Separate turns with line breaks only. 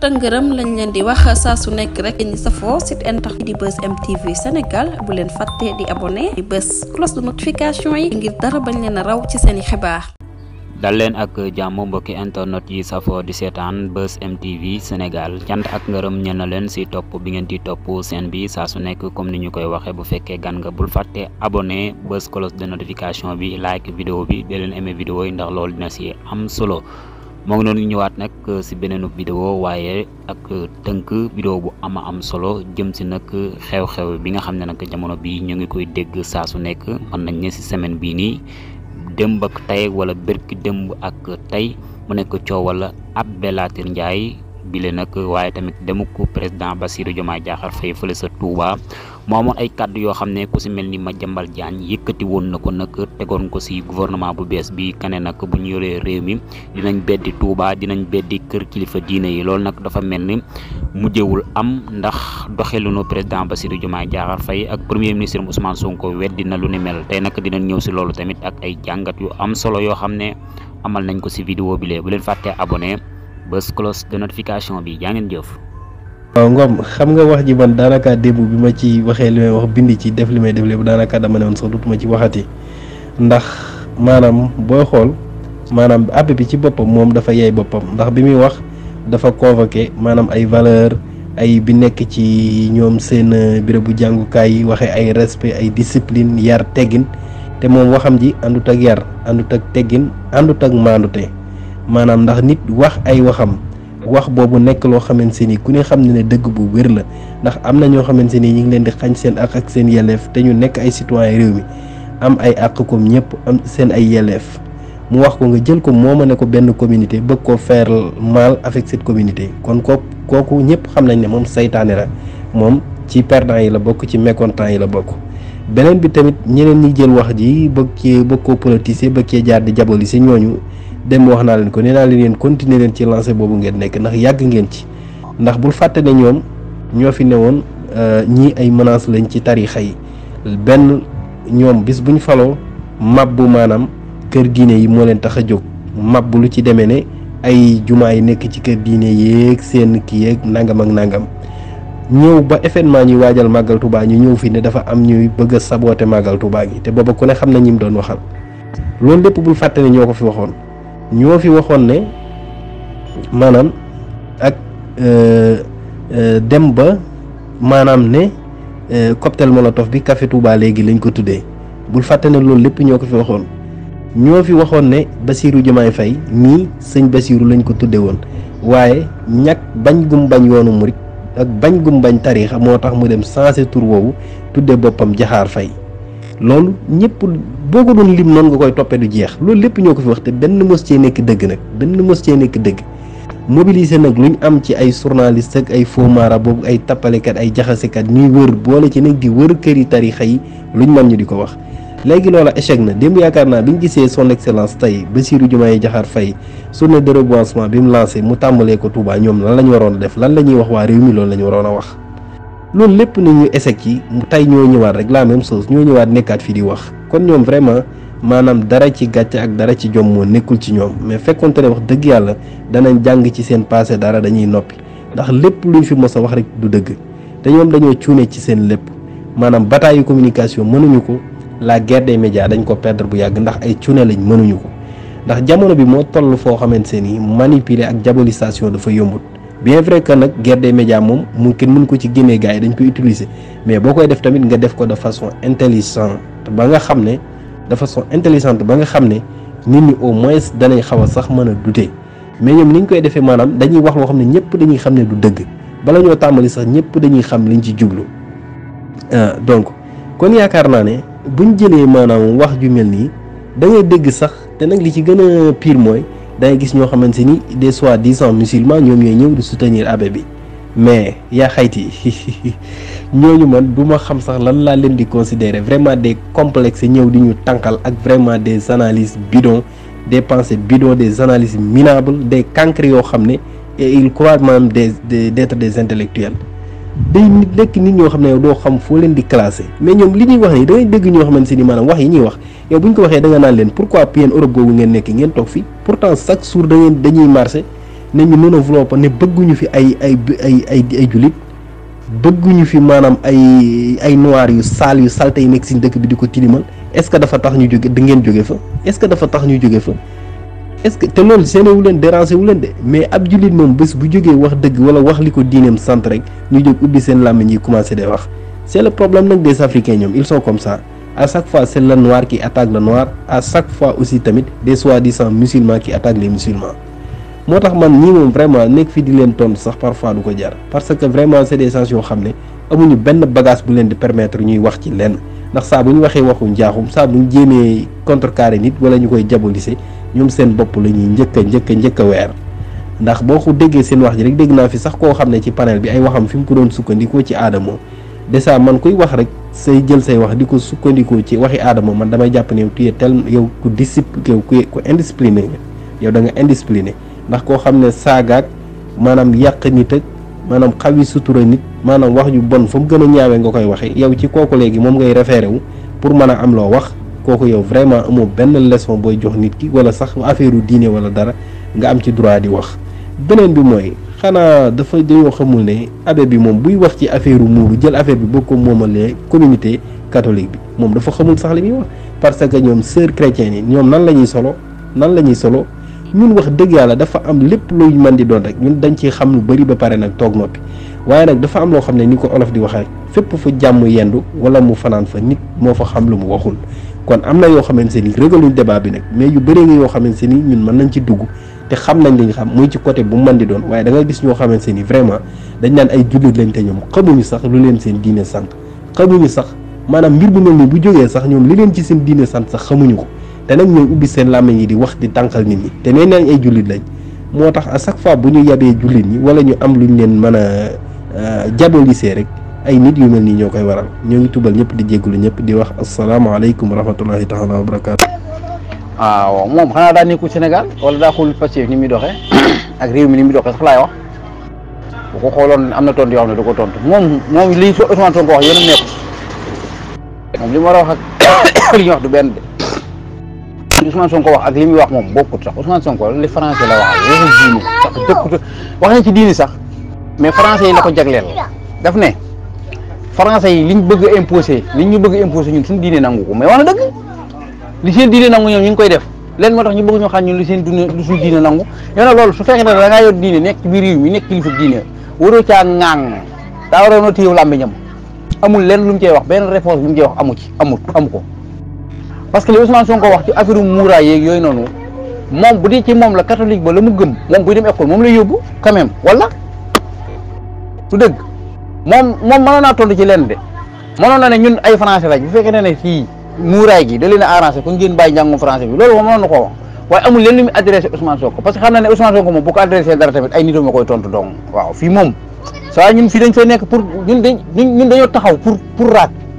tëngërëm lañ leen di wax saa su nekk rek ñi safoo site internet di bës mtv sénégal bu leen fàtte di abonné di bës cloche de notification yi ngir dara bañ leen a raw ci seeni xibaar dal leen ak jàmm mbokki internet yi safoo di seetaan bës mtv sénégal cant ak ngërëm ñëna leen si topp bi ngeen di topp seen bi saa su nekk comme ni ñu koy waxee bu fekkee gan nga bul fàtte abonné bës cloche de notification bi like vidéo bi de leen aimé vidéo yi ndax loolu dina si am solo mo ngi noonu ñëwaat nak si beneenu vidéo waye ak teunk vidéo bu ama am solo jëm ci nak xew-xew bi nga xamne nak jamono bi ñu ngi koy dégg saa su nekk nañ ne si semaine bi ni démb ak tay wala berki dembu ak tay mu nekk wala Abdelatir ndjay bile nak waye tamit ko president basirou Diomaye jaxar fay fele sa Touba momo ay kàddu yo xamne ku ci melni ni jambal Diagne yekati won nako nak tegon ko si gouvernement bu bes bi kané nak bu ñu yoree réew mi dinañ beddi Touba dinañ beddi kër kilifa diiné yi nak dafa mel ni mujjewul am ndax no president basirou Diomaye jaxar fay ak premier ministre Ousmane Sonko weddi na lu ni mel tay nak dinañ ñëw ci loolu tamit ak ay jangat yu am solo yo xamne amal nañ ko si vidéo bi lee bu len faté abonné bés close de notification bi jaa ngeen jëf.
waaw Ngom xam nga wax ji man daanaka démb bi ma ci waxee li may wax bind ci def li may def lépp daanaka dama ne woon sax dutuma ci waxati ndax maanaam booy xool maanaam app bi ci boppam moom dafa yey boppam ndax bi muy wax dafa convoqué maanaam ay valeur ay bi nekk ci ñoom seen euh, bérébu jàngukaay yi waxee ay respe ay discipline yar teggin te moom waxam ji àndut ak yar àndut ak teggin àndut ak maandute manam ndax nit wax ay waxam wax bobu nekk loo xamanteni ku ne xamne ne deug bu werr la ndax am ño xamanteni ñi ni ngi leen di xagn seen ak ak seen yelef te ñu nekk ay citoyen réew mi am ay ak comme ñepp am seen ay yelef mu wax ko nga jël ko moma ne ko benn communauté bëgg ko faire mal avec cette communauté kon ko koku ñepp xamnañ ne mom saytaane ra mom ci perdant yi la bokk ci mécontent yi la bokk benen bi tamit ñeneen ñi jël wax ji bëgg cee bëgg koo politiser bëgg jaar di jaboli si ñooñu dem wax naa leen ko nee naa leen yéen leen ci lancé boobu ngeen nekk ndax yàgg ngeen ci ndax bul fàtte ne ñoom ñoo fi newoon euh, ñii ay menaces lañ ci tarixa yi benn ñoom bis buñ faloo mabbu maanaam kër diine yi moo leen tax a jóg mabbu lu ci demee ne ay jumaa yi nekk ci kër diine yéeg seen kii yeeg nangam ak nangam ñëw ba événement ñuy waajal màggal Tuubaa ñu ñëw fi ne dafa am ñuy bëgg saboote màggal Tuubaa ngi te booba ku ne xam na ñi mu doon waxal loolu lépp bul fàtte ne ñoo ko fi waxoon. ñoo fi waxoon ne maanaam ak euh, euh, dem ba maanaam ne euh, cocktail molotov bi café Touba léegi lañ ko tuddee bul fàtte ne loolu lépp ñoo ko fi waxoon ñoo fi waxoon ne Bassirou Diomaye Faye nii sëñ Bassirou lañ ko tudde woon waaye ñàkk bañ gum bañ yoonu murit ak bañ gum bañ tariixa moo tax mu dem changé tour woowu tudde boppam Diakhar Faye loolu ñëpp boo ko doon lim noonu nga koy toppee du jeex loolu lépp ñoo ko fi wax te benn mos cee nekk dëgg nag benn mos cee nekk dëgg mobiliser nag lu ñu am ci ay journaliste ak ay faux marabout ay tappalekat ay jaxasekat ñuy wër boole ci nag di wër kër yi tarixa yi lu ñu mën ñu di ko wax. léegi loola échec na démb yaakaar naa bi ñu gisee son excellence tey Bassirou Diomaye Diakhar Faye journée de reboisement bi mu lancé mu tàmbalee ko Touba ñoom lan la ñu waroon def lan la ñuy wax waa réew mi la ñu waroon a wax. loolu lépp ni ñu échec yi tey ñoo ñëwaat rek laa même chose ñoo ñëwaat nekkaat fii di wax kon ñoom vraiment maanaam dara ci gàcce ak dara ci jom moo nekkul ci ñoom mais fekkoon te ne wax dëgg yàlla danañ jàng ci seen passé dara dañuy noppi ndax lépp luñ fi mos a wax rek du dëgg te ñoom dañoo cuune ci seen lépp maanaam bataayu communication mënuñu ko la guerre des dañ ko perdre bu yàgg ndax ay cuune lañ mënuñu ko ndax jamono bi moo toll foo xamante ne manipuler ak diabolisation dafa yombut bien vrai que nak guerre des médias mom mu kin mën ko ci génnee gars dañ koy utiliser mais bokoy def tamit nga def ko de façon intelligente ba nga xamné de façon intelligente ba nga xamné nit ñi au moins danay xaw a sax mën a douter mais ñoom ni ñu koy défé manam dañuy wax lo xamné ñepp dañuy xamné du dëgg ba lañu tàmbali sax ñepp dañuy xam liñ ci euh donc kon yaakar na né buñ jëlé manam wax ju melni nii da ngay dégg sax té nak li ci gëna pire moy D'ailleurs, gis ñoo xamante ni des soi-disant musulmans ñoom ñooy ñëw soutenir abbé bi mais ya xayti a man buma xam sax lan la leen di considérer vraiment des complexes ñëw di ñu tankal ak vraiment des analyses bidon, des pensées bidon, des analyses minables des cancres yo xamné et ils croient même des d'être des intellectuels day nit nit ñoo xam ne yow xam foo leen di classé mais ñoom li ñuy wax nii da ngay dégg ñoo xamante ni maanaam wax yi ñuy wax ko waxee da nga naan leen pourquoi PN Europe googu ngeen nekk ngeen toog fii pourtant chaque jour da ngeen dañuy marché ne ñu non enveloppe ne bëgguñu fi ay ay ay ay ay jullit bëgguñu fi maanaam ay ay noir yu saal yu salte yi nekk si dëkk bi di ko tilimal est-ce que dafa tax ñu jóge da ngeen jóge fa est-ce que dafa tax ñu jóge fa est-ce que te loolu seen wu leen déranger wu leen de mais abdjulit mom moom bu jógee wax dëgg wala wax liko ko diineem sant rek ñu jóg ubbi sen làmmiñ yi commencé dé wax c'est le problème nak des africains ñom ils sont comme ça à chaque fois c'est le noir qui attaque le noir à chaque fois aussi tamit des soi-disant musulmans qui attaquent les musulmans motax man ñi mom vraiment nek fi di len tontu sax parfois du ko jar parce que vraiment c'est des gens yo xamné ne amuñu benn bagage bu len di permettre ñuy wax ci len ndax saa bu ñu waxee waxu njaaxum saa bu ñu jéemee contrecarrer nit wala ñu koy diaboliser ñoom seen bopp la ñuy njëkk a njëkk njëkk a weer ndax boo ko déggee seen wax ji rek dégg naa fi sax koo xam ne ci panel bi ay waxam fi mu ko doon sukkandikoo ci aadamoo dèjà man kuy wax rek say jël say wax di ko sukkandikoo ci waxi aadama man damay jàpp ne yow tu es tel yow ku discipliné yow ku indiscipliné nga yow da nga indiscipliné ndax koo xam ne saagaak maanaam yàq nit ak maanaam xawi sutura nit maanaam wax ju bon fa mu gën a ñaawee nga koy waxee yow ci kooku léegi moom ngay référé wu pour mën a am loo wax kooku yow vraiment amoo benn leçon booy jox nit ki wala sax affaire u diine wala dara nga am ci droit di wax beneen bi mooy xanaa dafa dañoo xamul ne abbé bi moom buy wax ci affaire u muuru jël affaire bi boo ko moomalee communauté catholique bi moom dafa xamul sax li muy wax parce que ñoom sœur chrétienne yi ñoom nan la ñuy solo nan lañuy solo ñun wax dëgg yàlla dafa am lépp luy mën di doon rek ñun dañ ciy xam lu bari ba pare nag toog noppi waaye nag dafa am loo xam ne ni ko olof di wax rek fépp fu jàmm yendu wala mu fanaan fa nit moo fa xam lu mu waxul kon am na yoo xamante ni régaluñ débat bi nag mais yu bëri nga yoo xamante ni ñun mën nañ ci dugg te xam nañ li ñu xam muy ci côté bu mën di doon waaye danga gis ñoo xamante ni vraiment dañ naan ay jullit lañ te ñoom xamuñu sax lu leen seen diine sant xamuñu sax maanaam mbir bu mel ni bu jógee sax ñoom li leen ci seen diine sant sax xamuñu ko te nag ñooy ubbi seen làmmiñ yi di wax di tànqal nit ñi te nee nañ ay jullit lañ moo tax à chaque fois bu ñu yabee jullit ñi wala ñu am luñ leen mën a euh, diaboliser rek ay nit yu melni ñokay waral ñoo ngi tubal ñep di jéggulu ñep di wax assalamu alaykum rahmatullahi taala wa
ah wa mom xana da neeku senegal wala da xul Pastef ni mi doxé ak réew mi ni mi doxé sax lay wax bu ko xooloon amna tontu yo xamne da ko tontu mom mom li so Ousmane Sonko wax yéen neeku mom li ma wax ak li ñu wax du ben de Ousmane Sonko wax ak li muy wax mom bokkut sax Ousmane Sonko li français la wax waxul diine sax dëkkut wax na ci diini sax mais français yi la ko jaglél daf ne. français yi liñ bëgg a imposé liñ ñu bëgg a imposé ñun suñu diine nangu ko mais wax na dëgg li seen diine nangu ñoom ñu ngi koy def leen moo tax ñu bëgg ñoo xam ñun li seen dune lu suñu diine nangu yow nag loolu su ne da ngaa yor diine nekk ci biir a téyew amul leen lu mu cey wax benn réponse bu mu cey wax amu ci amut amu ko parce que li Ousmane Sonko wax ci affaire muuraay yeeg yooyu noonu moom bu dee ci moom la catholique ba la mu gëm moom buy dem école moom lay yóbbu quand même wala du dëgg moom moom mënoon naa tontu ci leen de mënoon na ne ñun ay français lañ bu fekkee ne ne fii muuraay gi da leen a arrangé ku ngeen bàyyi njàngum français loolu moom mënoon na koo wax amul leen lu mu adressé Ousmane Sonko parce que xam na ne Sonko moom bu ko dara tamit ay nitam koy tontu dong waaw fii moom saa ñun fii dañ fay nekk pour ñun dañ ñun taxaw pour raak